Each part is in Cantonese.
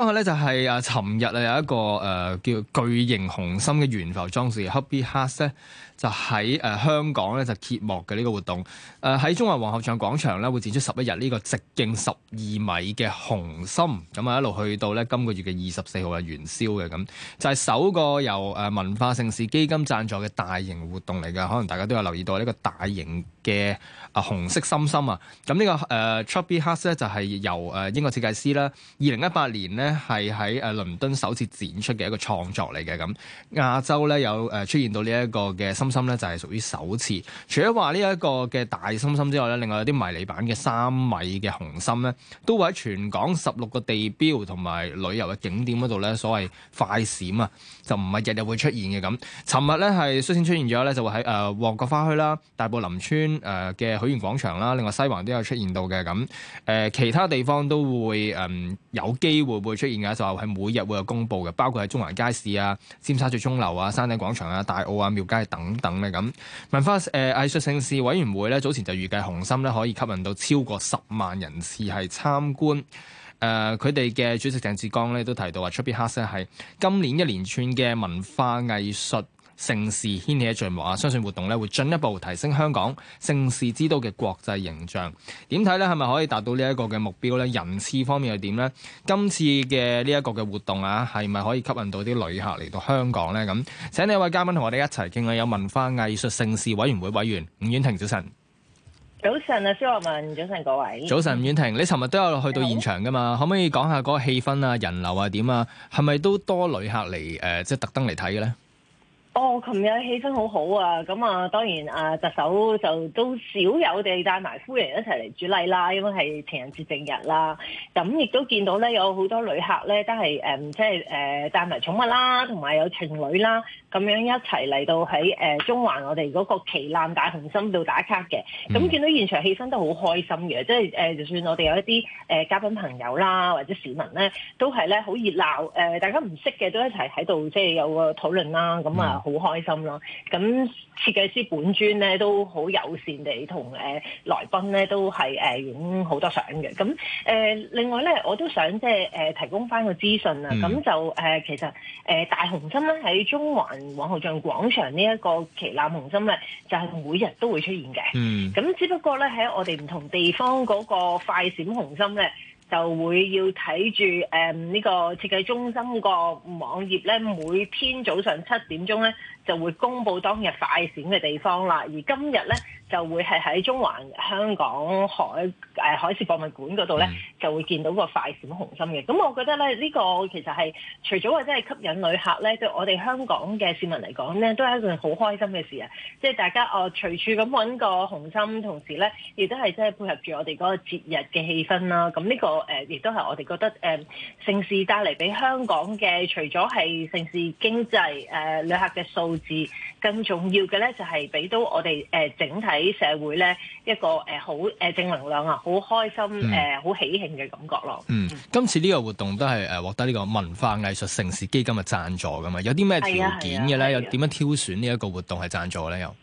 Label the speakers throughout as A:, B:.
A: 咁啊咧就係啊，尋日啊有一個誒、呃、叫巨型紅心嘅懸浮裝置 Chubby Hearts 咧就喺誒、呃、香港咧就揭幕嘅呢、這個活動誒喺、呃、中環皇后像廣場咧會展出十一日呢個直徑十二米嘅紅心，咁、嗯、啊一路去到咧今個月嘅二十四號嘅元宵嘅咁、嗯，就係、是、首個由誒文化盛事基金贊助嘅大型活動嚟嘅。可能大家都有留意到呢、這個大型嘅啊紅色心心啊。咁、這個呃、呢個誒 Chubby Hearts 咧就係、是、由誒英國設計師啦，二零一八年咧。係喺誒倫敦首次展出嘅一個創作嚟嘅咁，亞洲咧有誒出現到呢一個嘅心心咧，就係屬於首次。除咗話呢一個嘅大心心之外咧，另外有啲迷你版嘅三米嘅紅心咧，都會喺全港十六個地標同埋旅遊嘅景點嗰度咧，所謂快閃啊，就唔係日日會出現嘅咁。尋日咧係率先出現咗咧，就會喺誒旺角花墟啦、大埔林村誒嘅許願廣場啦，另外西環都有出現到嘅咁。誒、呃、其他地方都會誒、呃、有機會會。出現嘅就話係每日會有公布嘅，包括喺中環街市啊、尖沙咀鐘樓啊、山頂廣場啊、大澳啊、廟街等等咧咁。文化誒、呃、藝術盛事委員會咧，早前就預計紅心咧，可以吸引到超過十萬人次係參觀。誒、呃，佢哋嘅主席鄭志剛咧都提到話，出邊黑色係今年一連串嘅文化藝術盛事掀起一序幕啊！相信活動咧會進一步提升香港盛事之都嘅國際形象。點睇咧？係咪可以達到呢一個嘅目標咧？人次方面又點咧？今次嘅呢一個嘅活動啊，係咪可以吸引到啲旅客嚟到香港咧？咁請呢位嘉賓同我哋一齊傾下。有文化藝術盛事委員會委員伍婉婷、啊，早晨。早晨
B: 啊，蕭學文，早晨各位。早晨，
A: 伍婉婷，你尋日都有去到現場噶嘛？的可唔可以講下嗰個氣氛啊、人流啊點啊？係咪都多旅客嚟誒、呃，即係特登嚟睇嘅咧？
B: 哦，琴日氣氛好好啊，咁、嗯、啊當然啊特首就都少有地帶埋夫人一齊嚟主禮啦，因為係情人節正日啦，咁、嗯、亦都見到咧有好多旅客咧都係誒、嗯、即係誒、呃、帶埋寵物啦，同埋有，有情侶啦，咁樣一齊嚟到喺誒、呃、中環我哋嗰個旗艦大紅心度打卡嘅，咁、嗯嗯、見到現場氣氛都好開心嘅，即係誒、呃、就算我哋有一啲誒、呃、嘉賓朋友啦或者市民咧都係咧好熱鬧，誒、呃、大家唔識嘅都一齊喺度即係有個討論啦，咁、嗯、啊～、嗯好開心咯！咁設計師本尊咧都好友善地同誒來賓咧都係誒影好多相嘅。咁誒、呃、另外咧我都想即係、呃、提供翻個資訊啦。咁、嗯、就誒、呃、其實誒、呃、大紅心咧喺中環皇后像廣場呢一個旗艦紅心咧就係、是、每日都會出現嘅。嗯，咁只不過咧喺我哋唔同地方嗰個快閃紅心咧。就會要睇住誒，呢個設計中心個網頁咧，每天早上七點鐘咧就會公佈當日快閃嘅地方啦。而今日咧。就會係喺中環香港海誒、呃、海事博物館嗰度咧，就會見到個快閃紅心嘅。咁我覺得咧，呢、這個其實係除咗或者係吸引旅客咧，對我哋香港嘅市民嚟講咧，都係一件好開心嘅事啊！即、就、係、是、大家哦、呃，隨處咁搵個紅心，同時咧亦都係即係配合住我哋嗰個節日嘅氣氛啦。咁呢、這個誒，亦都係我哋覺得誒，盛、呃、事帶嚟俾香港嘅，除咗係盛事經濟誒、呃，旅客嘅數字，更重要嘅咧就係俾到我哋誒、呃、整體。畀社會咧一個誒好誒
A: 正能量啊，好開心誒，好喜慶嘅感覺咯。嗯，今次呢個活動都係誒獲得呢個文化藝術盛事基金嘅贊助噶嘛，有啲咩條件嘅咧？啊啊啊、有點樣挑選呢一個活動係贊助咧又？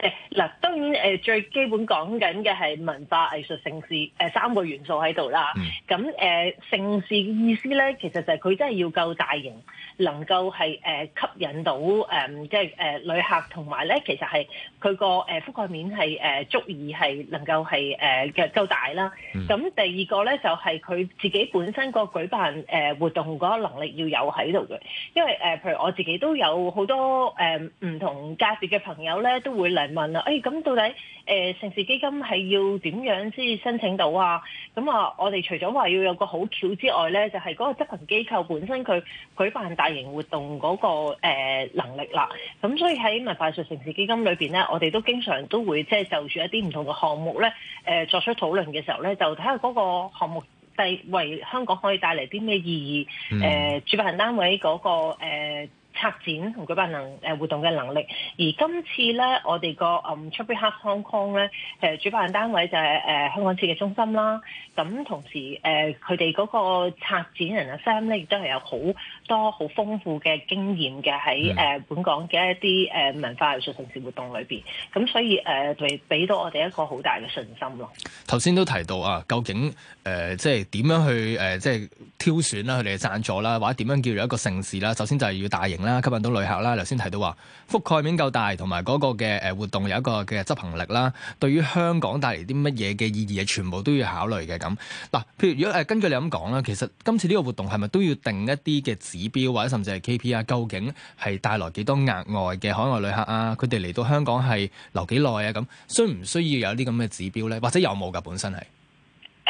B: 誒嗱，當然誒最基本講緊嘅係文化藝術盛事誒三個元素喺度啦。咁誒盛事嘅意思咧，其實就係佢真係要夠大型，能夠係誒吸引到誒、呃、即係誒、呃、旅客，同埋咧其實係佢個誒覆蓋面係誒足以係能夠係誒嘅夠大啦。咁、嗯、第二個咧就係、是、佢自己本身個舉辦誒活動嗰個能力要有喺度嘅，因為誒、呃、譬如我自己都有好多誒唔、呃、同界別嘅朋友咧都會嚟。問啦，誒、哎、咁到底誒、呃、城市基金係要點樣先申請到啊？咁啊，我哋除咗話要有個好橋之外咧，就係、是、嗰個執行機構本身佢舉辦大型活動嗰、那個、呃、能力啦。咁所以喺文化藝術盛事基金裏邊咧，我哋都經常都會即係就住一啲唔同嘅項目咧，誒、呃、作出討論嘅時候咧，就睇下嗰個項目帶為香港可以帶嚟啲咩意義？誒、嗯呃，主辦單位嗰、那個、呃策展同舉辦能誒活動嘅能力，而今次咧，我哋個誒 Chubby Hearts Hong Kong 咧，誒、 嗯、主辦單位就係、是、誒、呃、香港設計中心啦。咁同時誒，佢哋嗰個策展人阿、啊、Sam 咧，亦都係有好多好豐富嘅經驗嘅喺誒本港嘅一啲誒、呃、文化藝術盛事活動裏邊。咁、呃、所以誒，俾俾到我哋一個好大嘅信心咯。
A: 頭先都提到啊，究竟誒、呃、即係點樣去誒、呃、即係挑選啦佢哋嘅贊助啦、啊，或者點樣叫做一個盛事啦、啊？首先就係要大型咧。啊！吸引到旅客啦！頭先提到話覆蓋面夠大，同埋嗰個嘅活動有一個嘅執行力啦，對於香港帶嚟啲乜嘢嘅意義，係全部都要考慮嘅咁。嗱，譬如如果、呃、根據你咁講啦，其實今次呢個活動係咪都要定一啲嘅指標或者甚至係 KPI 啊？究竟係帶來幾多額外嘅海外旅客啊？佢哋嚟到香港係留幾耐啊？咁需唔需要有啲咁嘅指標咧？或者有冇噶本身係？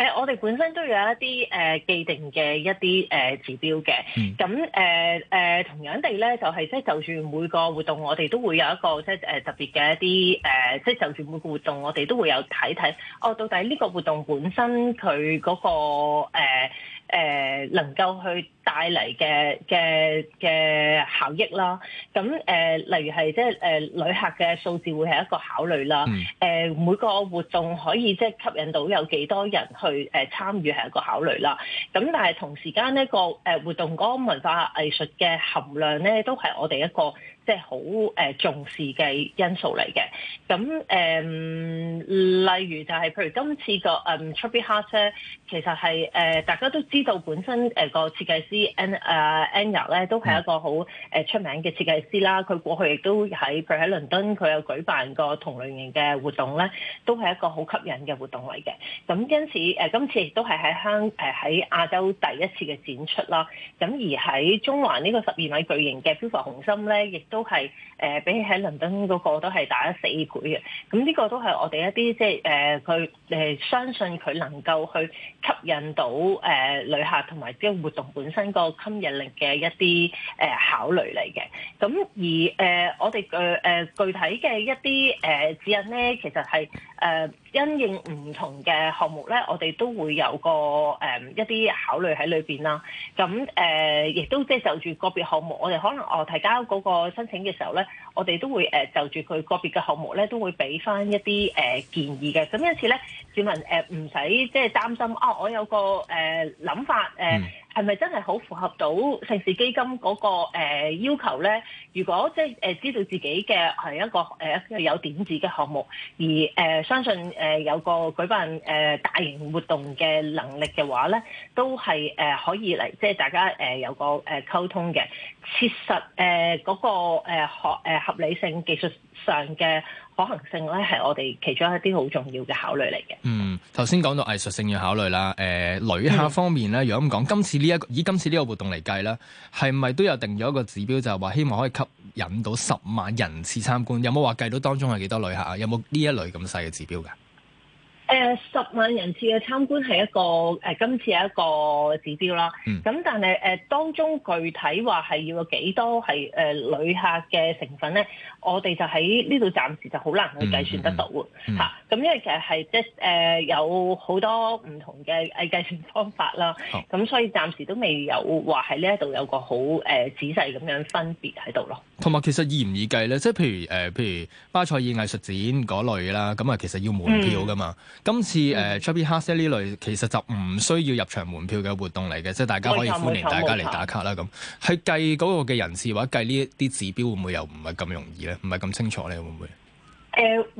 B: 誒、呃，我哋本身都有一啲誒、呃、既定嘅一啲誒指標嘅，咁誒誒，同樣地咧，就係即係就算每個活動，我哋都會有一個即係誒、呃、特別嘅一啲誒，即、呃、係就算每個活動，我哋都會有睇睇，哦，到底呢個活動本身佢嗰、那個誒、呃呃、能夠去。帶嚟嘅嘅嘅效益啦，咁、呃、例如係即係、呃、旅客嘅數字會係一個考慮啦、嗯呃，每個活動可以即係吸引到有幾多人去、呃、參與係一個考慮啦。咁但係同時間呢個、呃、活動嗰個文化藝術嘅含量咧，都係我哋一個即係好、呃、重視嘅因素嚟嘅。咁、呃、例如就係譬如今次個 Chubby Hearts 呢，其實係、呃、大家都知道本身、呃、個設計師。Anya 咧都係一個好誒出名嘅設計師啦，佢過去亦都喺佢喺倫敦，佢有舉辦過同類型嘅活動咧，都係一個好吸引嘅活動嚟嘅。咁因此誒，今次亦都係喺香誒喺亞洲第一次嘅展出啦。咁而喺中環呢個十二米巨型嘅飄浮紅心咧，亦都係誒比起喺倫敦嗰、那個都係大咗四倍嘅。咁、這、呢個都係我哋一啲即係誒佢誒相信佢能夠去吸引到誒、呃、旅客同埋啲活動本身。個吸引力嘅一啲誒考慮嚟嘅，咁而誒我哋嘅誒具體嘅一啲誒指引咧，其實係誒因應唔同嘅項目咧，我哋都會有個誒一啲考慮喺裏邊啦。咁誒亦都即係就住個別項目，我哋可能我提交嗰個申請嘅時候咧，我哋都會誒就住佢個別嘅項目咧，都會俾翻一啲誒建議嘅。咁因此咧，市民誒唔使即係擔心啊！我有個誒諗法誒。係咪真係好符合到城市基金嗰個要求咧？如果即係誒知道自己嘅係一個誒有點子嘅項目，而誒相信誒有個舉辦誒大型活動嘅能力嘅話咧，都係誒可以嚟即係大家誒有個誒溝通嘅，切實誒嗰個誒合合理性技術上嘅可行性咧，係我哋其中一啲好重要嘅考慮嚟
A: 嘅。嗯，頭先講到藝術性要考慮啦。誒、呃，旅客方面咧，如果咁講，今次呢一個以今次呢個活動嚟計咧，係咪都有定咗一個指標，就係話希望可以吸引到十萬人次參觀？有冇話計到當中係幾多旅客？有冇呢一類咁細嘅指標㗎？
B: 誒十萬人次嘅參觀係一個誒今次係一個指標啦，咁、嗯、但係誒當中具體話係要有幾多係誒旅客嘅成分咧？我哋就喺呢度暫時就好難去計算得到嘅。咁、嗯嗯嗯嗯、因為其實係即係誒有好多唔同嘅誒計算方法啦，咁、啊、所以暫時都未有話喺呢一度有個好誒仔細咁樣分別喺度咯。
A: 同埋其實易唔易計咧？即係譬如誒，譬如巴塞爾藝術展嗰類啦，咁啊其實要門票㗎嘛。嗯今次誒 Chubby House、嗯、呃、呢類其實就唔需要入場門票嘅活動嚟嘅，即係大家可以歡迎大家嚟打卡啦。咁去計嗰個嘅人次或者計呢一啲指標會唔會又唔係咁容易咧？唔係咁清楚咧，會唔會？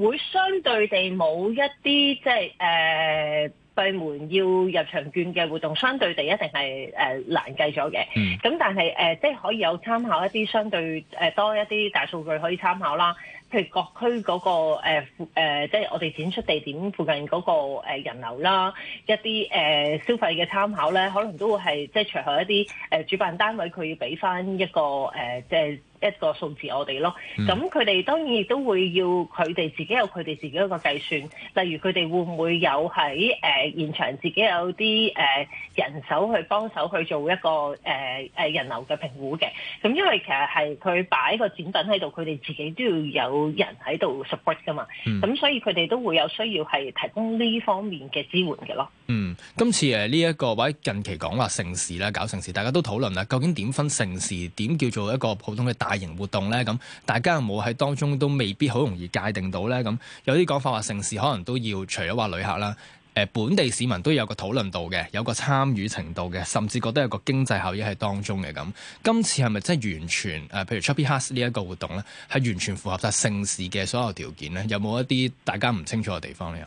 B: 會相對地冇一啲即係誒、呃、閉門要入場券嘅活動，相對地一定係誒、呃、難計咗嘅。咁、嗯、但係、呃、即係可以有參考一啲相對、呃、多一啲大數據可以參考啦。譬如各區嗰個誒誒即係我哋展出地點附近嗰個誒人流啦，一啲誒消費嘅參考咧，可能都會係即係除咗一啲誒主辦單位，佢要俾翻一個誒即係，就是一個數字我哋咯，咁佢哋當然亦都會要佢哋自己有佢哋自己一個計算，例如佢哋會唔會有喺誒、呃、現場自己有啲、呃、人手去幫手去做一個、呃、人流嘅評估嘅？咁因為其實係佢擺個展品喺度，佢哋自己都要有人喺度 support 噶嘛。咁、嗯嗯、所以佢哋都會有需要係提供呢方面嘅支援嘅咯。嗯，
A: 今次呢一個位近期講話盛事啦，搞盛事，大家都討論啦，究竟點分盛事？點叫做一個普通嘅大大型活動呢，咁，大家冇喺當中都未必好容易界定到呢咁。有啲講法話，城市可能都要除咗話旅客啦、呃，本地市民都有個討論度嘅，有個參與程度嘅，甚至覺得有個經濟效益喺當中嘅咁。今次係咪真係完全、呃、譬如 Chubby House 呢一個活動呢，係完全符合晒城市嘅所有條件呢？有冇一啲大家唔清楚嘅地方呢？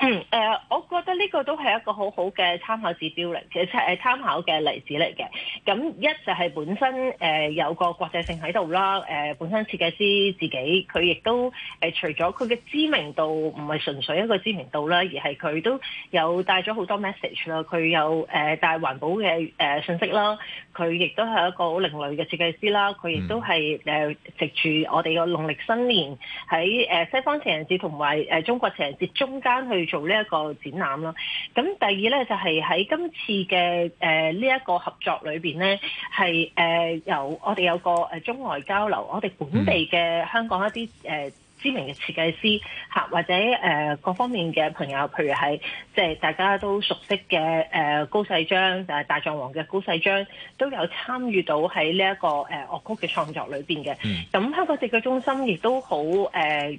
B: 嗯，誒、呃，我覺得呢個都係一個好好嘅參考指標嚟，其實係參考嘅例子嚟嘅。咁一就係本身誒、呃、有個國際性喺度啦，誒、呃、本身設計師自己佢亦都誒、呃、除咗佢嘅知名度唔係純粹一個知名度啦，而係佢都有帶咗好多 message 啦。佢有誒帶環保嘅誒、呃、信息啦，佢亦都係一個好另類嘅設計師啦。佢亦都係誒、呃、藉住我哋嘅農曆新年喺誒、呃、西方情人節同埋誒中國情人節中間去，做呢一個展覽咯，咁第二咧就係喺今次嘅誒呢一個合作裏邊咧，係誒由我哋有個誒中外交流，我哋本地嘅香港一啲誒。呃知名嘅設計師嚇、啊，或者誒、呃、各方面嘅朋友，譬如係即係大家都熟悉嘅誒、呃、高世章，誒大狀王嘅高世章都有參與到喺呢一個誒樂曲嘅創作裏邊嘅。咁香港設計中心亦都好誒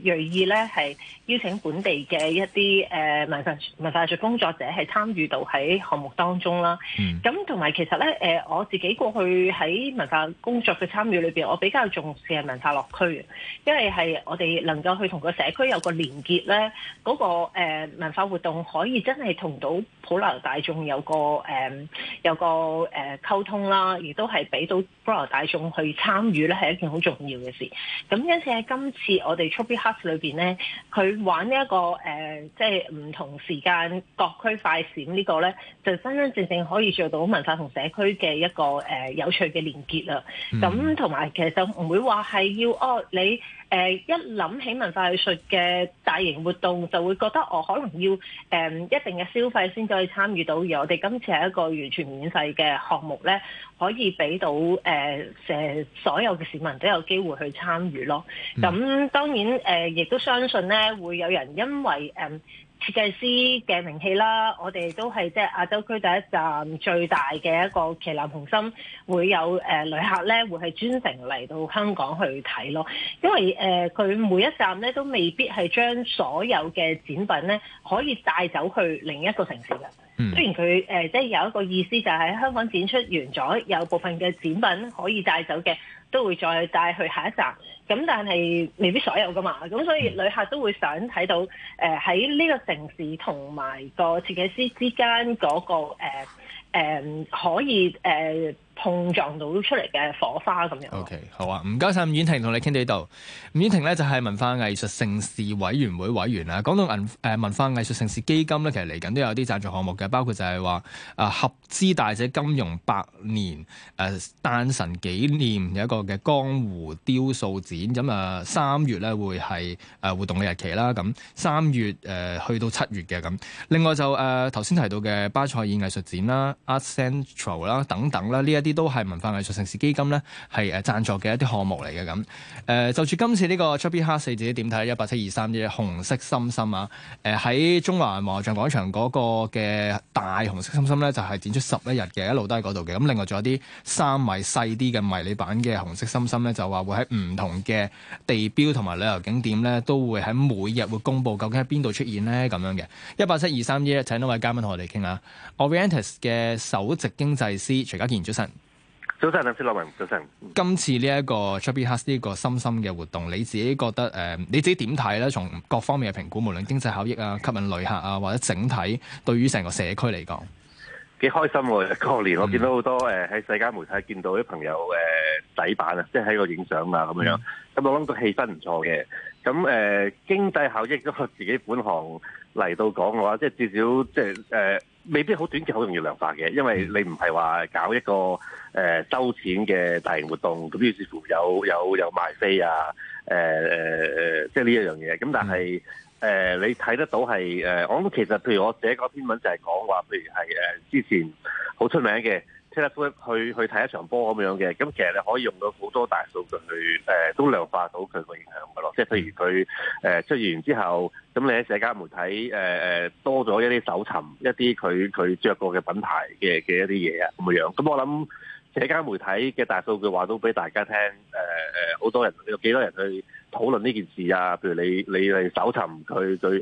B: 銳意咧，係邀請本地嘅一啲誒、呃、文化文化藝術工作者係參與到喺項目當中啦。咁同埋其實咧誒、呃、我自己過去喺文化工作嘅參與裏邊，我比較重視係文化樂區，因為係我哋。能夠去同個社區有個連結咧，嗰、那個、呃、文化活動可以真係同到普羅大眾有個、呃、有個誒、呃、溝通啦，而都係俾到普羅大眾去參與咧，係一件好重要嘅事。咁因此喺今次我哋 Trophy House 裏邊咧，佢玩呢、這、一個、呃、即係唔同時間各區快閃這個呢個咧，就真真正正可以做到文化同社區嘅一個、呃、有趣嘅連結啦。咁同埋其實就唔會話係要哦你。誒一諗起文化藝術嘅大型活動，就會覺得我可能要誒、嗯、一定嘅消費先可以參與到。而我哋今次係一個完全免費嘅項目咧，可以俾到誒、嗯、所有嘅市民都有機會去參與咯。咁當然誒，亦、嗯、都相信咧，會有人因為誒、嗯設計師嘅名氣啦，我哋都係即係亞洲區第一站最大嘅一個旗艦紅心，會有誒、呃、旅客咧會係專程嚟到香港去睇咯，因為誒佢、呃、每一站咧都未必係將所有嘅展品咧可以帶走去另一個城市嘅，雖然佢即係有一個意思就係喺香港展出完咗，有部分嘅展品可以帶走嘅，都會再帶去下一站。咁但係未必所有噶嘛，咁所以旅客都會想睇到，誒喺呢個城市同埋個設計師之間嗰、嗰個誒誒、呃呃、可以誒，呃碰撞到出嚟
A: 嘅火花咁樣。O、okay, K，好啊，唔該晒伍婉婷同你傾到呢度。伍婉婷咧就係文化藝術盛事委員會委員啦。講到文誒文化藝術盛事基金咧，其實嚟緊都有啲贊助項目嘅，包括就係話誒合資大者金融百年誒誕辰紀念有一個嘅江湖雕塑展，咁啊三月咧會係誒活動嘅日期啦。咁三月誒、呃、去到七月嘅。咁另外就誒頭先提到嘅巴塞爾藝、藝術展啦、Art Central 啦等等啦，呢一啲。啲都係文化藝術盛事基金咧係誒贊助嘅一啲項目嚟嘅。咁誒，就住今次呢個 Chubby Hearts 自己點睇？一八七二三一紅色心心啊！誒、呃、喺中環皇后像廣場嗰個嘅大紅色心心咧，就係、是、展出十一日嘅，一路都喺嗰度嘅。咁另外仲有啲三米細啲嘅迷你版嘅紅色心心咧，就話會喺唔同嘅地標同埋旅遊景點咧，都會喺每日會公布究竟喺邊度出現呢？咁樣嘅。一八七二三一，請多位嘉賓同我哋傾下。Orientis 嘅首席經濟師徐家健先生。主
C: 早晨，林先生，早晨。
A: 今次呢一個 Chubby Hearts 呢個深深嘅活動，你自己覺得、呃、你自己點睇咧？從各方面嘅評估，無論經濟效益啊、吸引旅客啊，或者整體對於成個社區嚟講，
C: 幾開心喎！嗰年我見到好多喺、嗯呃、世界媒體見到啲朋友誒、呃、底板，啊，即係喺個影相啊咁樣。咁 Yeah.、嗯、我諗個氣氛唔錯嘅。咁誒、呃、經濟效益都自己本行嚟到講嘅話，即係至少即係誒。呃未必好短期好容易量化嘅，因為你唔係話搞一個誒、呃、收錢嘅大型活動，咁於是乎有有有賣飛啊，誒即係呢一樣嘢。咁但係誒、呃、你睇得到係誒，我、呃、諗其實譬如我寫嗰篇文就係講話，譬如係誒之前好出名嘅。去去睇一場波咁樣嘅，咁其實你可以用到好多大數據去誒、呃，都量化到佢個影響嘅咯。即係譬如佢誒出現之後，咁你喺社交媒體誒誒多咗一啲搜尋一啲佢佢著過嘅品牌嘅嘅一啲嘢啊咁樣。咁我諗社交媒體嘅大數據話到俾大家聽，誒、呃、誒，好多人有幾多人去討論呢件事啊？譬如你你係搜尋佢對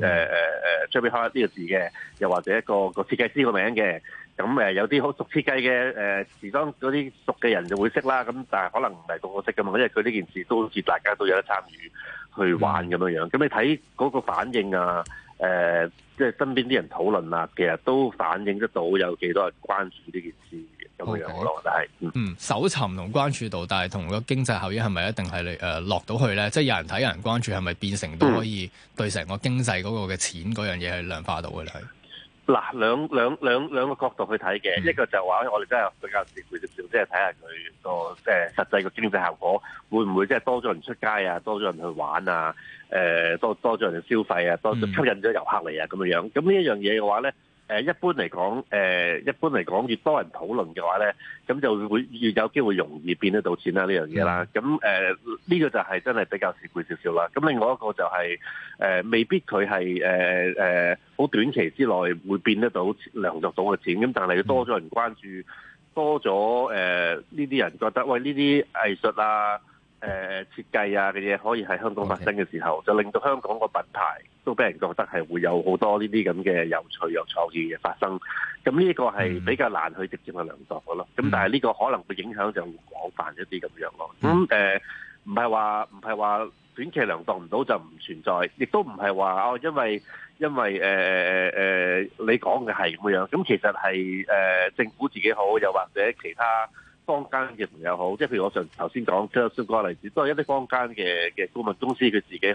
C: 誒誒誒 Chubby Hearts 呢個字嘅，又或者一個一個設計師個名嘅。咁誒有啲好熟設計嘅誒、呃、時裝嗰啲熟嘅人就會識啦，咁但係可能唔係咁我識噶嘛，因為佢呢件事都好似大家都有得參與去玩咁樣樣。咁、嗯、你睇嗰個反應啊，誒即係身邊啲人討論啊，其實都反映得到有幾多人關注呢件事咁樣樣咯。但
A: 係嗯，搜尋同關注度，但係同個經濟效益係咪一定係誒、呃、落到去咧？即、就、係、是、有人睇、有人關注，係咪變成到可以對成個經濟嗰個嘅錢嗰樣嘢係量化到嘅咧？嗯
C: 嗱，兩兩兩兩個角度去睇嘅，嗯、一個就話我哋真係比較直接少少，即係睇下佢個誒實際個經濟效果會唔會即係多咗人出街啊，多咗人去玩啊，誒、呃、多多咗人消費啊，多吸引咗遊客嚟啊咁樣樣，咁呢一樣嘢嘅話咧。一般嚟講，誒、呃、一般嚟講越多人討論嘅話咧，咁就會越有機會容易變得到錢啦，呢樣嘢啦。咁誒呢個就係真係比較蝕貴少少啦。咁另外一個就係、是、誒、呃、未必佢係誒誒好短期之內會變得到量足到嘅錢，咁但係要多咗人關注，多咗誒呢啲人覺得，喂呢啲藝術啊～誒、呃、設計啊嘅嘢可以喺香港發生嘅時候，Okay. 就令到香港個品牌都俾人覺得係會有好多呢啲咁嘅有趣又創意嘅發生。咁呢個係比較難去直接去量度嘅咯。咁但係呢個可能會影響就會廣泛一啲咁樣咯。咁誒唔係話唔係話短期量度唔到就唔存在，亦都唔係話哦，因為因為誒、呃呃、你講嘅係咁樣。咁其實係誒、呃、政府自己好，又或者其他。坊間嘅朋友好，即係譬如我上頭先講，即係上個例子，都係一啲坊間嘅嘅顧問公司，佢自己去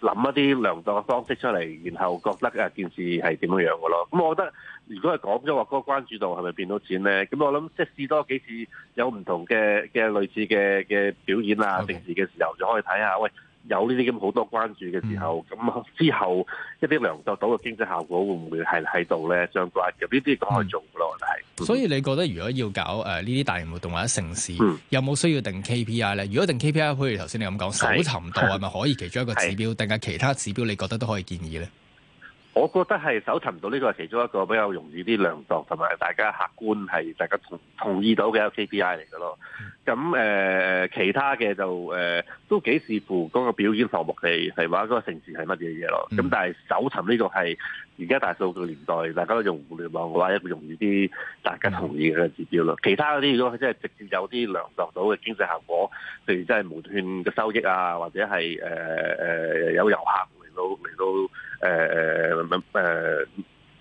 C: 諗一啲量度嘅方式出嚟，然後覺得啊件事係點樣樣嘅咯。咁、嗯、我覺得，如果係講咗話嗰個關注度係咪變到錢咧？咁我諗即係試多幾次有，有唔同嘅嘅類似嘅嘅表演啊，Okay. 定時嘅時候就可以睇下喂。有呢啲咁好多關注嘅時候，咁、嗯、之後一啲糧作到嘅經濟效果會唔會係喺度咧？相關嘅呢啲講去做嘅咯，就係、嗯。但
A: 是所以你覺得如果要搞誒呢啲大型活動或者城市，嗯、有冇需要定 KPI 咧？如果定 KPI，譬如頭先你咁講，搜尋度係咪可以其中一個指標？定係其他指標，你覺得都可以建議咧？
C: 我覺得係搜尋到呢個係其中一個比較容易啲量度，同埋大家客觀係大家同同意到嘅 KPI 嚟嘅咯。咁誒、呃、其他嘅就誒、呃、都幾視乎嗰個表演項目地係話嗰個城市係乜嘢嘢咯。咁但係搜尋呢個係而家大數據年代大家都用互聯網嘅話，一個容易啲大家同意嘅指標咯。其他嗰啲如果真係直接有啲量度到嘅經濟效果，譬如真係無斷嘅收益啊，或者係誒、呃呃、有遊客。到嚟到誒誒誒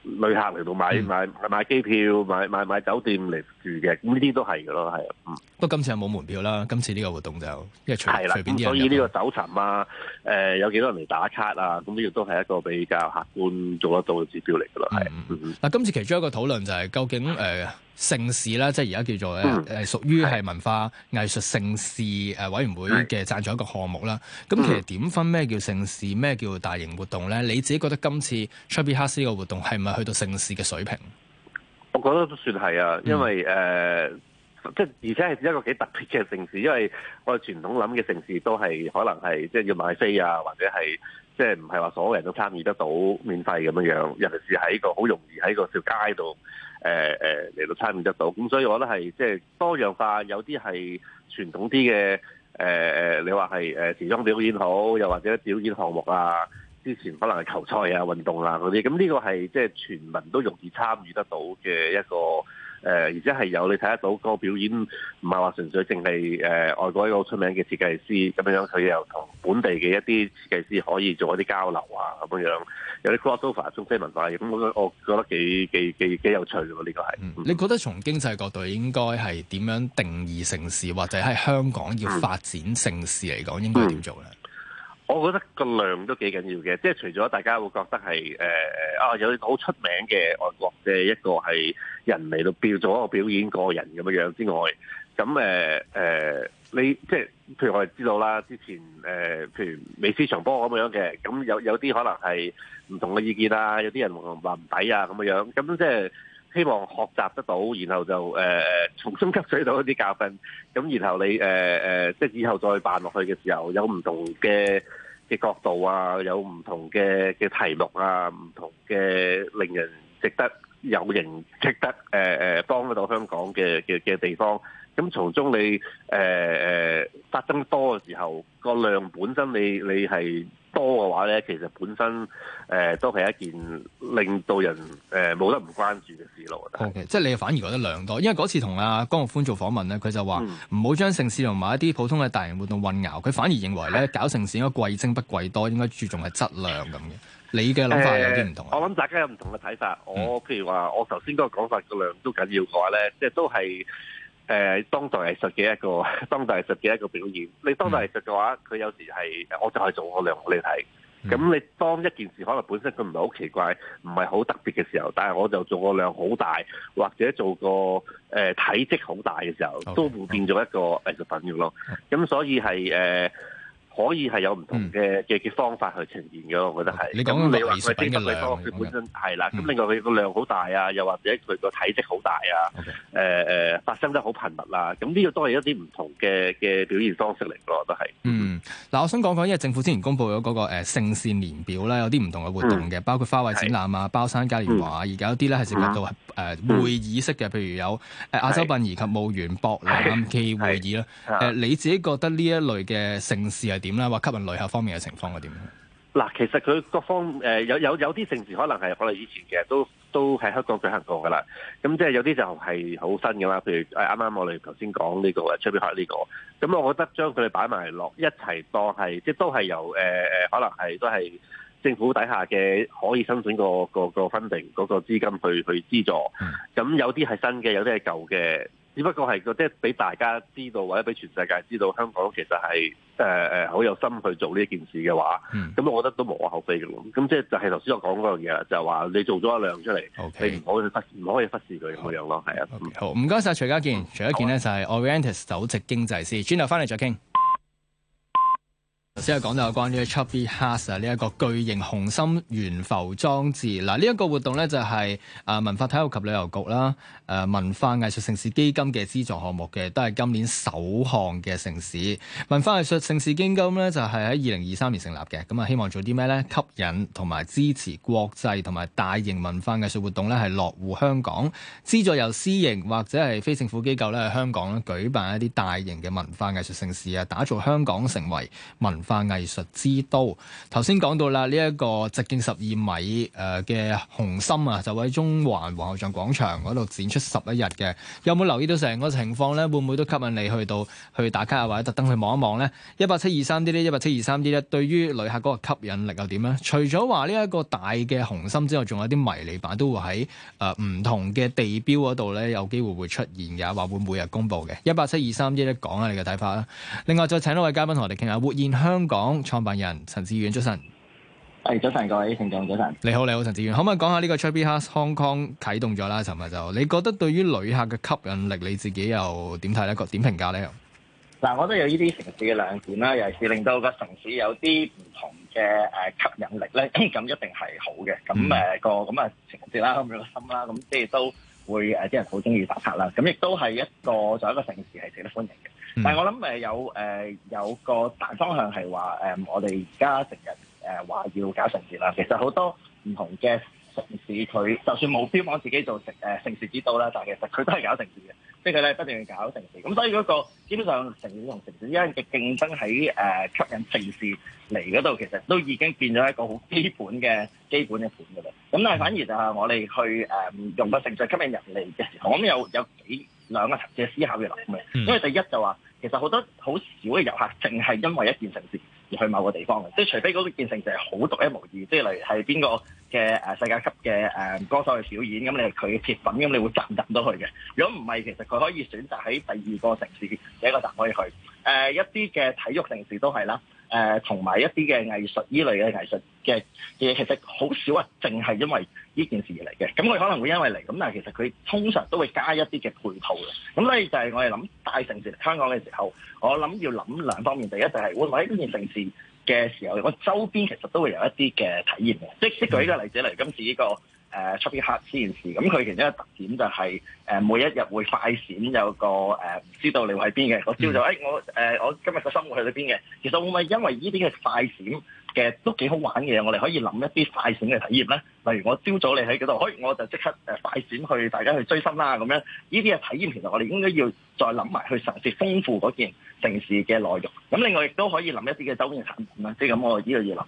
C: 旅客嚟到買買買機票，買買買酒店嚟住嘅，咁呢啲都係㗎咯，係嗯。
A: 不過今次冇門票啦，今次呢個活動就因為隨隨便啲人咯。咁
C: 所以呢個搜尋啊，誒有幾多人嚟打卡啊，咁呢個都係一個比較客觀做得到嘅指標嚟㗎喇，
A: 係。嗱，今次其中一個討論就係究竟誒。城市啦，即係而家叫做誒誒，屬於係文化藝術盛事誒委員會嘅贊助一個項目啦。咁其實點分咩叫盛事，咩叫大型活動咧？你自己覺得今次 Chubby Hearts 呢個活動係唔係去到盛事嘅水平？
C: 我覺得都算係啊，因為誒即係而且係一個幾特別嘅盛事，因為我哋傳統諗嘅盛事都係可能係即係要買飛啊，或者係即係唔係話所有人都參與得到免費咁樣樣，尤其是喺個好容易喺個條街度。誒誒嚟到參與得到，咁所以我覺得係即係多樣化，有啲係傳統啲嘅誒誒，你話係誒時裝表演好，又或者表演項目啊，之前可能係球賽啊、運動啊嗰啲，咁呢個係即係全民都容易參與得到嘅一個。誒，而且係有你睇得到個表演，唔係話純粹淨係誒外國一個好出名嘅設計師咁樣，佢又同本地嘅一啲設計師可以做一啲交流啊，咁樣有啲 crossover 中西文化，咁我覺覺得幾幾幾幾有趣喎，呢個係。
A: 你覺得從經濟角度應該係點樣定義城市，或者喺香港要發展城市嚟講，應該點做咧？嗯嗯
C: 我覺得個量都幾緊要嘅，即係除咗大家會覺得係誒、呃、啊有啲好出名嘅外國嘅一個係人嚟到表做一個表演個人咁樣樣之外，咁誒、呃呃、你即係譬如我哋知道啦，之前誒、呃、譬如美斯場波咁樣嘅，咁有有啲可能係唔同嘅意見啦，有啲人話唔抵啊咁樣樣，咁即係。希望學習得到，然後就誒、呃、重新吸取到一啲教訓，咁然後你誒、呃、即係以後再辦落去嘅時候，有唔同嘅嘅角度啊，有唔同嘅嘅題目啊，唔同嘅令人值得有型，值得誒幫得、呃、到香港嘅嘅嘅地方。咁從中你誒誒、呃、發生多嘅時候，個量本身你你係多嘅話咧，其實本身誒、呃、都係一件令到人誒冇、呃、得唔關注嘅事
A: 咯。好，okay, 即係你反而覺得量多，因為嗰次同阿江玉歡做訪問咧，佢就話唔好將城市同埋一啲普通嘅大型活動混淆。佢反而認為咧，的搞城市應該貴精不貴多，應該注重係質量咁嘅。嗯、你嘅諗法有啲唔
C: 同。呃、我諗大家有唔同嘅睇法。嗯、我譬如我話，我頭先嗰個講法嘅量都緊要嘅話咧，即係都係。誒當代藝術嘅一個當代藝術嘅一個表現，你當代藝術嘅話，佢有時係我就係做個量，我哋睇。咁你當一件事可能本身佢唔係好奇怪，唔係好特別嘅時候，但係我就做個量好大，或者做個誒、呃、體積好大嘅時候，都會變做一個藝術品嘅咯。咁所以係誒。呃可以係有唔同嘅嘅嘅方法去呈現嘅，我覺得係。咁你話佢積積幾多？佢本身係啦。咁另外佢個量好大啊，又或者佢個體積好大啊。誒誒，發生得好頻密啦。咁呢個都係一啲唔同嘅嘅表現方式嚟嘅咯，都係。
A: 嗯，嗱，我想講講，因為政府之前公布咗嗰個誒盛事年表啦，有啲唔同嘅活動嘅，包括花卉展覽啊、包山嘉年華，而家有啲咧係涉及到係誒會議式嘅，譬如有誒亞洲殯儀及墓園博覽暨會議啦。誒，你自己覺得呢一類嘅盛事係？點啦？或吸引旅客方面嘅情況係點咧？
C: 嗱，其實佢各方誒、呃、有有有啲城市可能係我哋以前嘅都都喺香港舉行過噶啦。咁即係有啲就係好新嘅啦。譬如誒，啱、哎、啱我哋頭先講呢個誒，出邊開呢個。咁、這個、我覺得將佢哋擺埋落一齊當係即係都係由誒誒、呃，可能係都係政府底下嘅可以申請的、那個個個分類嗰個資金去去資助。咁、嗯、有啲係新嘅，有啲係舊嘅。只不過係個即係俾大家知道，或者俾全世界知道，香港其實係誒誒好有心去做呢件事嘅話，咁、嗯、我覺得都無可厚非嘅。咁即係就係頭先我講嗰樣嘢啦，就係、是、話你做咗一兩出嚟，Okay 你唔可以忽唔可以忽視佢咁樣咯，係啊。
A: 好，唔該晒。徐家健，徐家健咧就係 Orientis 首席經濟師，轉頭翻嚟再傾。先係講到有關於 Chubby Hearts 呢一個巨型紅心懸浮裝置。嗱，呢一個活動咧就係誒文化體育及旅遊局啦，誒文化藝術盛事基金嘅資助項目嘅，都係今年首項嘅盛事文化藝術盛事基金咧，就係喺二零二三年成立嘅。咁啊，希望做啲咩咧？吸引同埋支持國際同埋大型文化藝術活動咧，係落戶香港，資助由私營或者係非政府機構咧喺香港咧舉辦一啲大型嘅文化藝術盛事啊，打造香港成為文化。啊！藝術之都，頭先講到啦，呢一個直徑十二米誒嘅紅心啊，就會喺中環皇后像廣場嗰度展出十一日嘅。有冇留意到成個情況咧？會唔會都吸引你去到去打卡啊，或者特登去望一望呢？一八七二三啲咧，一八七二三啲咧，對於旅客嗰個吸引力又點咧？除咗話呢一個大嘅紅心之外，仲有啲迷你版都會喺誒唔同嘅地標嗰度咧，有機會會出現嘅，或者會，會每日公布嘅。一八七二三啲咧，講下你嘅睇法啦。另外再請一位嘉賓同我哋傾下活現香香港創辦人陳智遠早晨，係
D: 早晨各位聽眾早晨，早晨
A: 你好你好，陳智遠，可唔可以講下呢個 Chubby Hearts Hong Kong 啟動咗啦？尋日就你覺得對於旅客嘅吸引力，你自己又點睇咧？個點評價咧？
D: 嗱、嗯，我都有呢啲城市嘅亮點啦，尤其是令到個城市有啲唔同嘅誒吸引力咧，咁一定係好嘅。咁誒個咁啊城市啦，咁樣個心啦，咁即係都會誒啲人好中意打卡啦。咁亦都係一個作為一個城市係值得歡迎嘅。嗯、但係我諗誒有誒、呃、有個大方向係話誒我哋而家成日誒話要搞城市啦，其實好多唔同嘅城市佢就算冇標榜自己做城誒、呃、城市之都啦，但係其實佢都係搞城市嘅，即係佢咧不斷去搞城市。咁所以嗰個基本上城市同城市之間嘅競爭喺誒吸引城市嚟嗰度，其實都已經變咗一個好基本嘅基本嘅盤㗎啦。咁但係反而就係我哋去誒、呃、用個城市吸引人嚟嘅時候，我諗有有幾。兩個層次嘅思考嘅能力，因為第一就話，其實好多好少嘅遊客，淨係因為一件城市而去某個地方嘅，即係除非嗰個件城市係好獨一無二，即係例如係邊個嘅誒世界級嘅誒歌手去表演，咁你係佢嘅鐵粉，咁你會站站都去嘅。如果唔係，其實佢可以選擇喺第二個城市嘅第一個站可以去。誒、呃，一啲嘅體育城市都係啦。誒同埋一啲嘅藝術呢類嘅藝術嘅嘢，其實好少啊，淨係因為呢件事嚟嘅。咁佢可能會因為嚟，咁但係其實佢通常都會加一啲嘅配套嘅。咁所以就係我哋諗大城市嚟香港嘅時候，我諗要諗兩方面，第一就係會唔會喺呢件城市嘅時候，我周邊其實都會有一啲嘅體驗嘅。即、即、舉一個例子嚟，今次呢個。誒出啲黑呢件事，咁佢其中一個特點就係、是 uh, 每一日會快閃有，有個誒唔知道你喎喺邊嘅，我朝就誒、嗯哎、我誒、uh, 我今日嘅生活去到邊嘅，其實會唔會因為呢啲嘅快閃？嘅都幾好玩嘅，我哋可以諗一啲快閃嘅體驗咧。例如我朝早你喺嗰度，可以我就即刻誒快閃去大家去追新啦咁樣。呢啲嘅體驗其實我哋應該要再諗埋去嘗試豐富嗰件城市嘅內容。咁另外亦都可以諗一啲嘅周邊嘅產品啦。即係咁，我呢度要諗。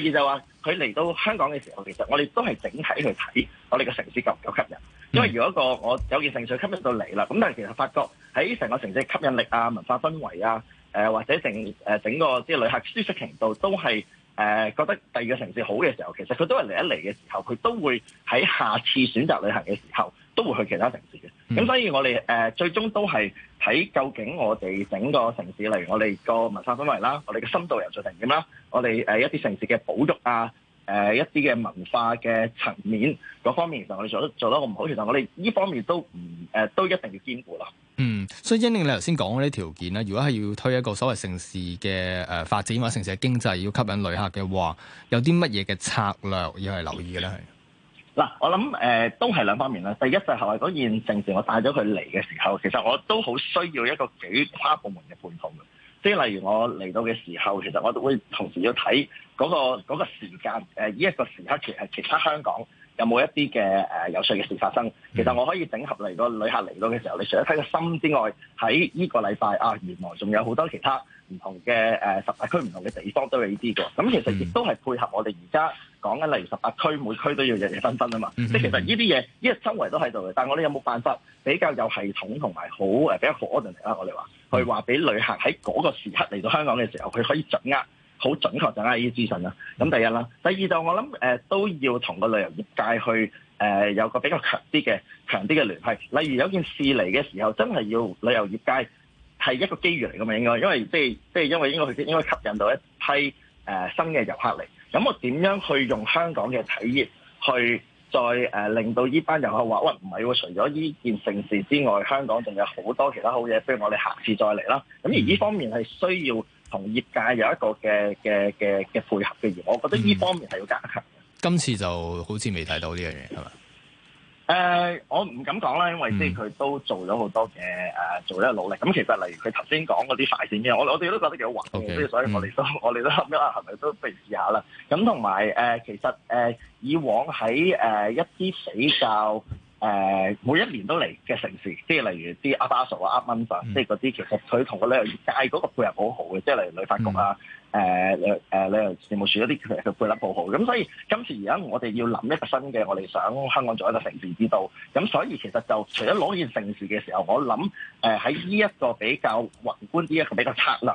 D: 第二就話佢嚟到香港嘅時候，其實我哋都係整體去睇我哋嘅城市夠唔夠吸引。因為如果個我有件城市吸引到嚟啦，咁但係其實發覺喺成個城市吸引力啊、文化氛圍啊、誒或者整誒整個即係旅客舒適程度都係。誒、呃、覺得第二個城市好嘅時候，其實佢都係嚟一嚟嘅時候，佢都會喺下次選擇旅行嘅時候都會去其他城市嘅。咁所以我哋誒、呃、最終都係睇究竟我哋整個城市，例如我哋個文化氛圍啦，我哋嘅深度遊水平點啦，我哋、呃、一啲城市嘅保育啊。誒、呃、一啲嘅文化嘅層面嗰方面，其實我哋做得做得好唔好？其實我哋呢方面都唔誒、呃，都一定要兼顧啦。嗯，
A: 所以應令你頭先講嗰啲條件咧，如果係要推一個所謂的城市嘅誒發展或者城市嘅經濟要吸引旅客嘅話，有啲乜嘢嘅策略要係留意嘅咧？係
D: 嗱、呃，我諗誒、呃、都係兩方面啦。第一就係嗰件城市，我帶咗佢嚟嘅時候，其實我都好需要一個幾跨部門嘅配套。即係例如我嚟到嘅時候，其實我都會同時要睇嗰、嗰個嗰、嗰個時間，呢、呢、一個時刻其，其係其他香港。有冇一啲嘅誒有趣嘅事發生？其實我可以整合嚟個旅客嚟到嘅時候，你除咗睇個心之外，喺呢個禮拜啊，原來仲有好多其他唔同嘅誒、呃、十八區唔同嘅地方都有呢啲嘅。咁其實亦都係配合我哋而家講緊，例如十八區每區都要日日新分啊嘛。 即係其實呢啲嘢，呢個周圍都喺度嘅。但係我哋有冇辦法比較有系統同埋好誒比較可嘅我哋話去話俾旅客喺嗰個時刻嚟到香港嘅時候，佢可以掌握。好準確掌握呢啲資訊啦。咁第一啦，第二就我諗誒、呃、都要同個旅遊業界去誒、呃、有個比較強啲嘅強啲嘅聯繫。例如有件事嚟嘅時候，真係要旅遊業界係一個機遇嚟嘅嘛應該，因為即係即係因為應該佢應該吸引到一批誒、呃、新嘅遊客嚟。咁我點樣去用香港嘅體驗去再誒、呃、令到呢班遊客話，喂，唔係喎，除咗呢件城市之外，香港仲有好多其他好嘢，不如我哋下次再嚟啦。咁而呢方面係需要。同業界有一個嘅嘅嘅嘅配
A: 合嘅，而我覺得呢方面係要加強。今次就好似未睇到呢樣嘢，係嘛？
D: 誒，我唔敢講啦，因為即係佢都做咗好多嘅誒，做咗努力。咁其實例如佢頭先講嗰啲快線嘅，我我哋都覺得幾好玩嘅，即係所以我哋都我哋都諗啦，係咪都不如試下啦？咁同埋誒，其實誒以往喺誒一啲比較。誒、呃、每一年都嚟嘅城市，即係例如啲阿巴索阿蚊仔，即係嗰啲其實佢同個旅遊業界嗰個配合好好嘅，即係例如旅發局啊、誒誒旅遊事務處一啲其實配合好好。咁所以今次而家我哋要諗一個新嘅，我哋想香港做一個城市之道。咁所以其實就除咗攞依件城市嘅時候，我諗誒喺呢一個比較宏觀啲一個比較策略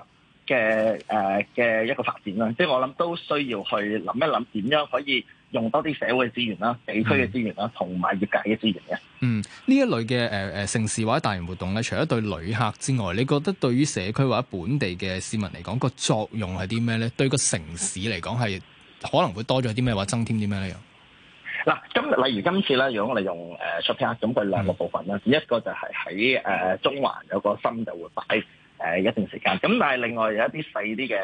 D: 嘅誒嘅一個發展啦。即係我諗都需要去諗一諗點樣可以。用多啲社會嘅資源啦、地區嘅資源啦，同埋、嗯、業界嘅資源嘅。
A: 嗯，呢一類嘅誒誒城市或者大型活動咧，除咗對旅客之外，你覺得對於社區或者本地嘅市民嚟講，個作用係啲咩咧？對個城市嚟講，係可能會多咗啲咩話，或增添啲咩咧？
D: 嗱，咁例如今次咧，如果我哋用誒 shopping，咁佢兩個部分啦，嗯、一個就係喺誒中環有個心就會擺誒、呃、一定時間，咁但係另外有一啲細啲嘅。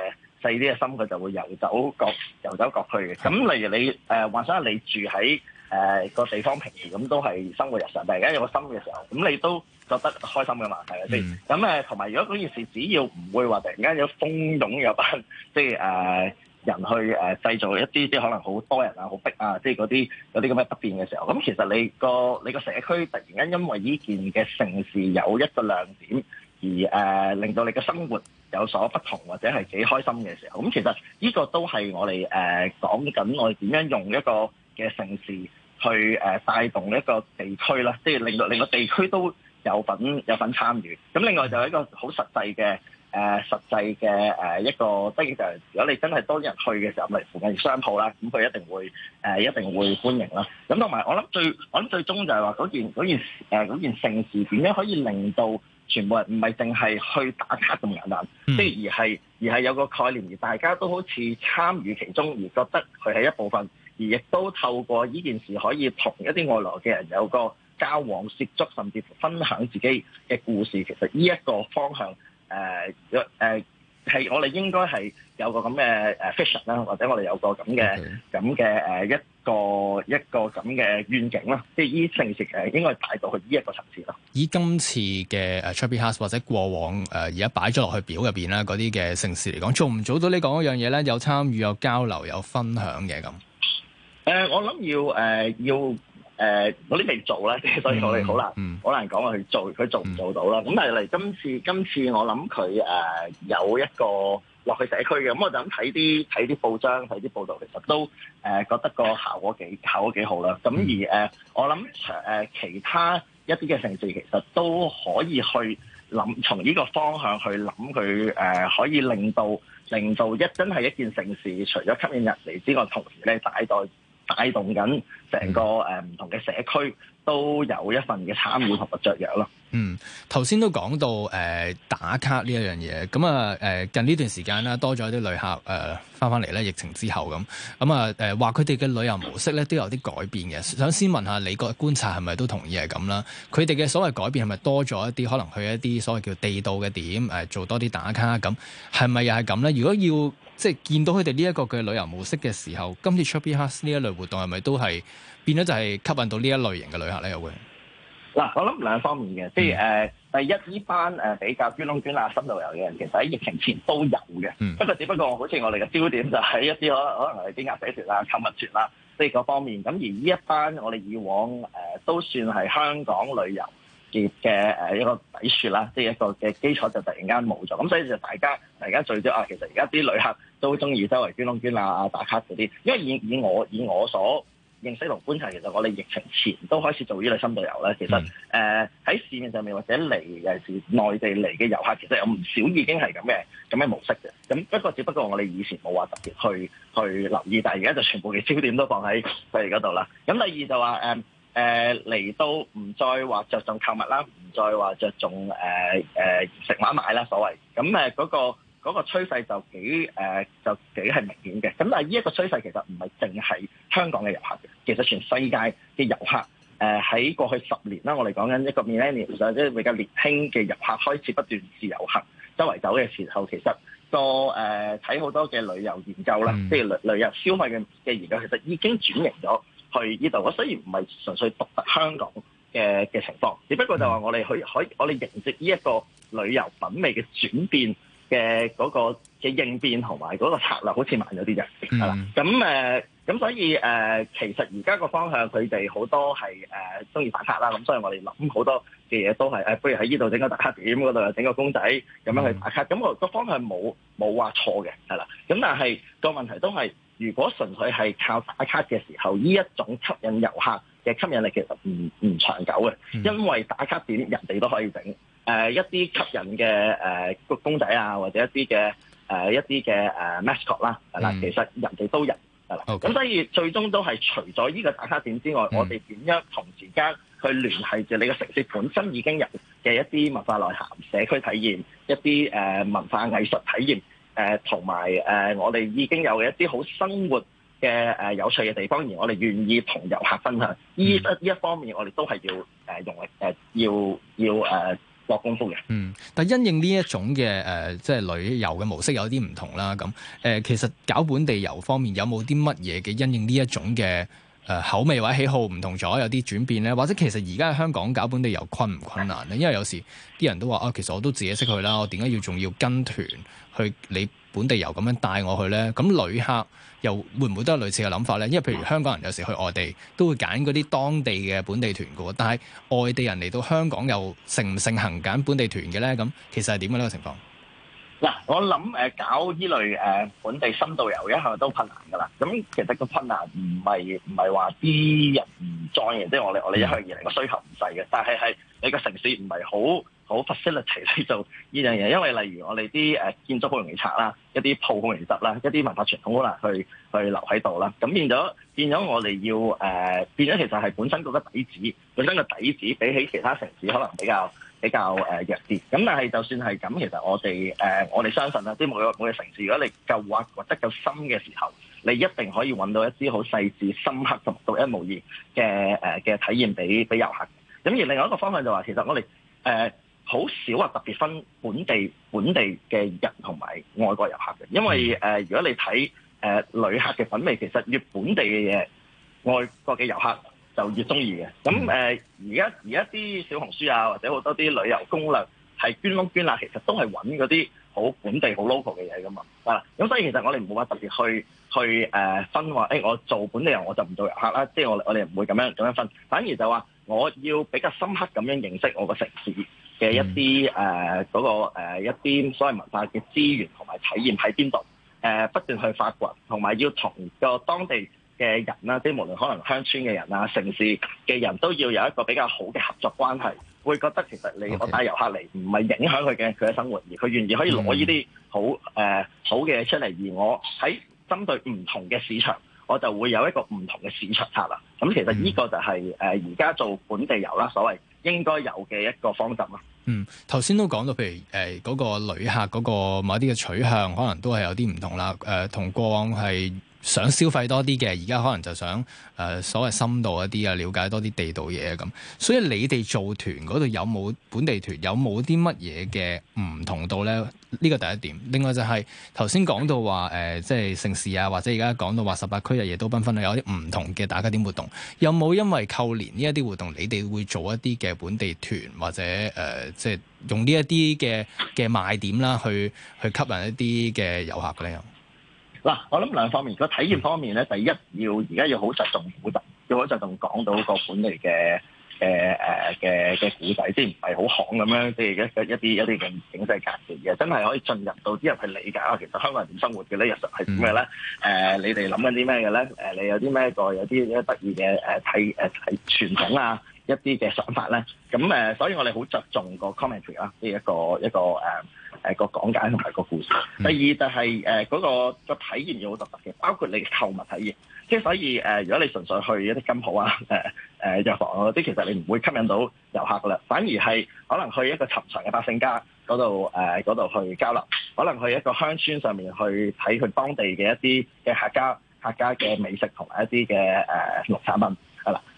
D: 細啲嘅心，佢就會游走各游走各區嘅。咁例如你幻想、呃、你住喺誒、呃個地方平時咁都係生活日常，突然間有個心嘅時候，咁你都覺得開心嘅嘛？係啊，咁同埋如果嗰件事只要唔會話突然間有蜂擁有班，即係、呃、人去誒、呃、製造一啲即係可能好多人啊、好逼啊，即係嗰啲有啲咁嘅不便嘅時候，咁其實你個你個社區突然間因為呢件嘅城市有一個亮點而、呃、令到你嘅生活。有所不同或者係幾開心嘅時候，咁其實呢個都係我哋誒講緊我哋點樣用一個嘅城市去誒、呃、帶動一個地區啦，即係令到令個地區都有份有份參與。咁另外就係一個好實際嘅誒、呃、實際嘅誒一個，即係就係、係、如果你真係多啲人去嘅時候，咪附近嘅商鋪啦，咁佢一定會誒、呃、一定會歡迎啦。咁同埋我諗最我諗最終就係話嗰件嗰件誒嗰、呃、件城市點樣可以令到。全部人唔係淨係去打卡咁簡單，即係而係而係有個概念，而大家都好似參與其中，而覺得佢係一部分，而亦都透過呢件事可以同一啲外來嘅人有個交往涉足，甚至分享自己嘅故事。其實呢一個方向，誒、呃，誒、呃。係，我哋應該係有個咁嘅誒 vision 啦，或者我哋有個咁嘅咁嘅誒一個一個咁嘅願景啦，即係依城市誒應該帶到去呢一個層次啦。
A: 以今次嘅 Chubby Hearts 或者過往誒而家擺咗落去表入邊啦，嗰啲嘅城市嚟講，做唔做到你講嗰樣嘢咧，有參與、有交流、有分享嘅咁。誒、
D: 呃，我諗要誒要。呃要誒、呃、我啲未做咧，所以我哋好難好難講去做佢做唔做到啦。咁但係嚟今次今次我諗佢誒有一個落去社區嘅，咁、嗯、我就咁睇啲睇啲報章睇啲報道，其實都誒、呃、覺得個效果幾效果幾好啦。咁而誒、呃、我諗、呃、其他一啲嘅城市其實都可以去諗從呢個方向去諗佢誒可以令到令到一真係一件城市除咗吸引人嚟之外，同時咧帶到。帶動緊成個唔同嘅社區都有一份嘅參與同埋雀躍咯、嗯呃。嗯，
A: 頭先都講到打卡呢一樣嘢，咁啊近呢段時間啦，多咗啲旅客返翻翻嚟咧，疫情之後咁，咁啊話佢哋嘅旅遊模式咧都有啲改變嘅。想先問下你個觀察係咪都同意係咁啦？佢哋嘅所謂改變係咪多咗一啲可能去一啲所謂叫地道嘅點做多啲打卡咁？係咪又係咁咧？如果要？即係見到佢哋呢一個嘅旅遊模式嘅時候，今次 Chubby House 呢一類活動係咪都係變咗就係吸引到呢一類型嘅旅客咧？又會
D: 嗱，我諗兩方面嘅，即係誒第一呢班誒比較鑽窿鑽罅深度遊嘅人，其實喺疫情前都有嘅，不過只不過好似我哋嘅焦點就係一啲可能可能係啲壓寫團啊、購物團啦呢個方面。咁而呢一班我哋以往誒都算係香港旅遊。嘅誒一個底礎啦，即、就、係、是、一個嘅基礎就突然間冇咗，咁所以就大家而家最啲啊，其實而家啲旅客都中意周圍捐窿捐啊、打卡嗰啲，因為以以我以我所認識同觀察，其實我哋疫情前都開始做呢類深度遊咧，其實誒喺、嗯呃、市面上面或者嚟嘅係內地嚟嘅遊客，其實有唔少已經係咁嘅咁嘅模式嘅，咁不過只不過我哋以前冇話特別去去留意，但係而家就全部嘅焦點都放喺佢哋嗰度啦。咁第二就話誒。嗯誒嚟到唔再話著重購物啦，唔再話著重誒、呃呃、食玩買啦，所謂咁誒嗰個嗰、嗰個趨勢就幾誒、呃、就幾係明顯嘅。咁但係依一個趨勢其實唔係淨係香港嘅遊客嘅，其實全世界嘅遊客誒喺、呃、過去十年啦，我哋講緊一個 millennium，即係比較年輕嘅遊客開始不斷自由行周圍走嘅時候，其實個誒睇好多嘅、呃、旅遊研究啦，嗯、即係旅遊消費嘅嘅研究，其實已經轉型咗。去呢度，我雖然唔係純粹獨特香港嘅嘅情況，只不過就話我哋去可以我哋迎接呢一個旅遊品味嘅轉變嘅嗰、那個嘅應變同埋嗰個策略好似慢咗啲啫，係啦，咁誒、嗯，咁、呃、所以誒、呃，其實而家個方向佢哋好多係誒中意打卡啦，咁所以我哋諗好多嘅嘢都係誒，不、啊、如喺呢度整個打卡點，嗰度整個公仔咁樣去打卡，咁個、嗯、個方向冇冇話錯嘅，係啦，咁但係個問題都係。如果純粹係靠打卡嘅時候，呢一種吸引遊客嘅吸引力其實唔唔長久嘅，嗯、因為打卡點人哋都可以整誒、呃、一啲吸引嘅誒、呃、公仔啊，或者一啲嘅誒一啲嘅呃 mascot 啦，係啦、嗯，其實人哋都入，係啦、嗯，咁所以最終都係除咗呢個打卡點之外，嗯、我哋點樣同時間去聯繫住你個城市本身已經有嘅一啲文化內涵、社區體驗、一啲誒、呃、文化藝術體驗。誒同埋誒，我哋已經有一啲好生活嘅誒、呃、有趣嘅地方，而我哋願意同遊客分享。依、嗯、一方面我，我哋都係要誒用力誒要要誒落功夫嘅。嗯，
A: 但因應呢一種嘅誒、呃，即係旅遊嘅模式有啲唔同啦。咁誒、呃，其實搞本地遊方面有冇啲乜嘢嘅因應呢一種嘅？口味或者喜好唔同咗，有啲轉變呢？或者其實而家香港搞本地遊困唔困難呢？因為有時啲人都話啊，「其實我都自己識去啦，我點解要仲要跟團去？你本地遊咁樣帶我去呢？」咁旅客又會唔會都有類似嘅諗法呢？因為譬如香港人有時去外地都會揀嗰啲當地嘅本地團嘅，但係外地人嚟到香港又成唔成行揀本地團嘅呢？咁其實係點樣呢個情況？
D: 嗱，我諗誒，搞依類誒、呃、本地深度遊一向都困難噶啦。咁其實個困難唔係唔係話啲人唔再嘅，即、就、係、是、我哋我哋一向以嚟個需求唔細嘅。但係係你個城市唔係好好 facility 去做呢樣嘢，this, 因為例如我哋啲誒建築好容易拆啦，一啲鋪好容易執啦，一啲文化傳統好難去去留喺度啦。咁變咗變咗我哋要誒、呃、變咗，其實係本身嗰個底子，本身個底子比起其他城市可能比較。比較誒弱啲，咁但係就算係咁，其實我哋誒、呃、我哋相信啦，啲每個每個城市，如果你夠挖挖得夠深嘅時候，你一定可以揾到一支好細緻、深刻同獨一無二嘅嘅體驗俾俾遊客。咁而另外一個方向就話、是，其實我哋誒好少話特別分本地本地嘅人同埋外國遊客嘅，因為誒、呃、如果你睇誒、呃、旅客嘅品味，其實越本地嘅嘢，外國嘅遊客，就越中意嘅，咁誒而家而家啲小紅書啊，或者好多啲旅遊攻略係捐窿捐罅，其實都係揾嗰啲好本地好 local 嘅嘢噶嘛，係啦，咁所以其實我哋唔會話特別去去誒、呃、分話，誒、欸、我做本地人我就唔做遊客啦，即、就、係、是、我我哋唔會咁樣咁樣分，反而就話我要比較深刻咁樣認識我個城市嘅一啲誒嗰個、呃、一啲所謂文化嘅資源同埋體驗喺邊度，誒、呃、不斷去發掘，同埋要從個當地。嘅人啦，即係無論可能鄉村嘅人啊，城市嘅人都要有一個比較好嘅合作關係，會覺得其實你我帶遊客嚟唔係影響佢嘅佢嘅生活，而佢願意可以攞呢啲好誒、嗯呃、好嘅嘢出嚟，而我喺針對唔同嘅市場，我就會有一個唔同嘅市場策啦。咁其實呢個就係誒而家做本地遊啦，所謂應該有嘅一個方針啦。嗯，
A: 頭先都講到，譬如誒嗰、呃那個旅客嗰個某一啲嘅取向，可能都係有啲唔同啦。誒、呃、同過往係。想消費多啲嘅，而家可能就想、呃、所謂深度一啲啊，了解多啲地道嘢咁。所以你哋做團嗰度有冇本地團有冇啲乜嘢嘅唔同度呢？呢、呢個第一點。另外就係頭先講到話、呃、即係城市啊，或者而家講到話十八區日夜都繽紛，有啲唔同嘅打卡點活動。有冇因為扣連呢一啲活動，你哋會做一啲嘅本地團或者、呃、即係用呢一啲嘅嘅賣點啦，去去吸引一啲嘅遊客咧？
D: 嗱，我諗兩方面，個體驗方面咧，第一要而家要好着重古仔，要好着重講到個本嚟嘅嘅誒嘅嘅古仔，先唔係好巷咁樣，即係一一啲一啲嘅形式隔離嘅，真係可以進入到啲人去理解啊，其實香港人點生活嘅咧，其實係點嘅咧？誒、嗯呃，你哋諗緊啲咩嘅咧？誒，你有啲咩一個有啲一得意嘅誒體誒體傳統啊，一啲嘅想法咧？咁誒、呃，所以我哋好着重個 commentary 啦、這個，即係一個一個誒。呃誒個講解同埋個故事。第二就係誒嗰個個體驗要好特別嘅，包括你嘅購物體驗。即係所以誒，如果你純粹去一啲金鋪啊、誒、呃、誒藥房嗰、啊、啲，其實你唔會吸引到遊客噶啦。反而係可能去一個尋常嘅百姓家嗰度誒度去交流，可能去一個鄉村上面去睇佢當地嘅一啲嘅客家客家嘅美食同埋一啲嘅誒農產品。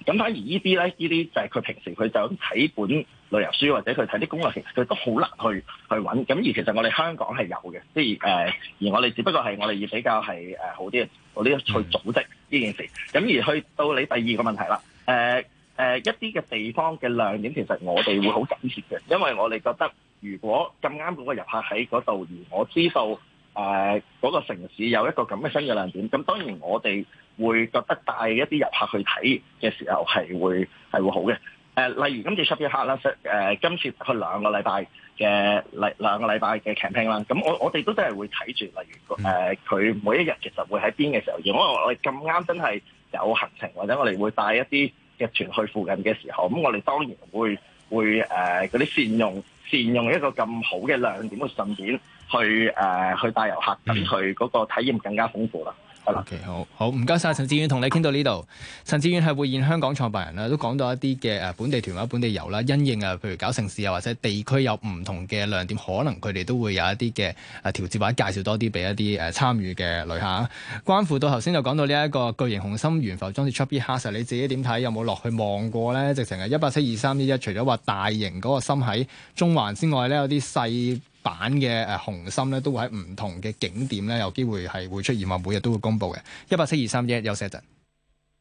D: 咁反而呢啲咧，呢啲就係佢平時佢就咁睇本旅遊書，或者佢睇啲攻略，其實佢都好難去去揾。咁而其實我哋香港係有嘅，即係、呃、而我哋只不過係我哋要比較係好啲，好啲去組織呢件事。咁而去到你第二個問題啦、呃呃，一啲嘅地方嘅亮點，其實我哋會好緊貼嘅，因為我哋覺得如果咁啱嗰個遊客喺嗰度，而我知道嗰、呃嗰個城市有一個咁嘅新嘅亮點，咁當然我哋，會覺得帶一啲遊客去睇嘅時候係會係會好嘅，誒、呃，例如今次出 h o 客 Chubby Hearts 啦，誒，今次去兩個禮拜嘅禮兩個禮拜嘅 campaign 啦，咁我我哋都真係會睇住，例如誒佢、呃、每一日其實會喺邊嘅時候，如果我哋咁啱真係有行程，或者我哋會帶一啲日團去附近嘅時候，咁我哋當然會會誒嗰啲善用善用一個咁好嘅亮點，會順便去誒、呃、去帶遊客等佢嗰個體驗更加豐富啦。O.K.
A: 好好，唔該晒，陳智遠同你傾到呢度。陳智遠係活現香港創辦人啦、啊，都講到一啲嘅本地團或本地遊啦，因應啊，譬如搞城市啊或者地區有唔同嘅亮點，可能佢哋都會有一啲嘅誒調節或者介紹多啲俾一啲誒、啊、參與嘅旅客、啊。關乎到頭先就講到呢一個巨型紅心懸浮裝置 Chubby Hearts 你自己點睇？有冇落去望過咧？直情係一八七二三一一，除咗話大型嗰個心喺中環之外咧，有啲細版嘅誒紅心咧，都會喺唔同嘅景點咧有機會係會出現。話每日都會公布嘅一八七二三一，1，休息一陣。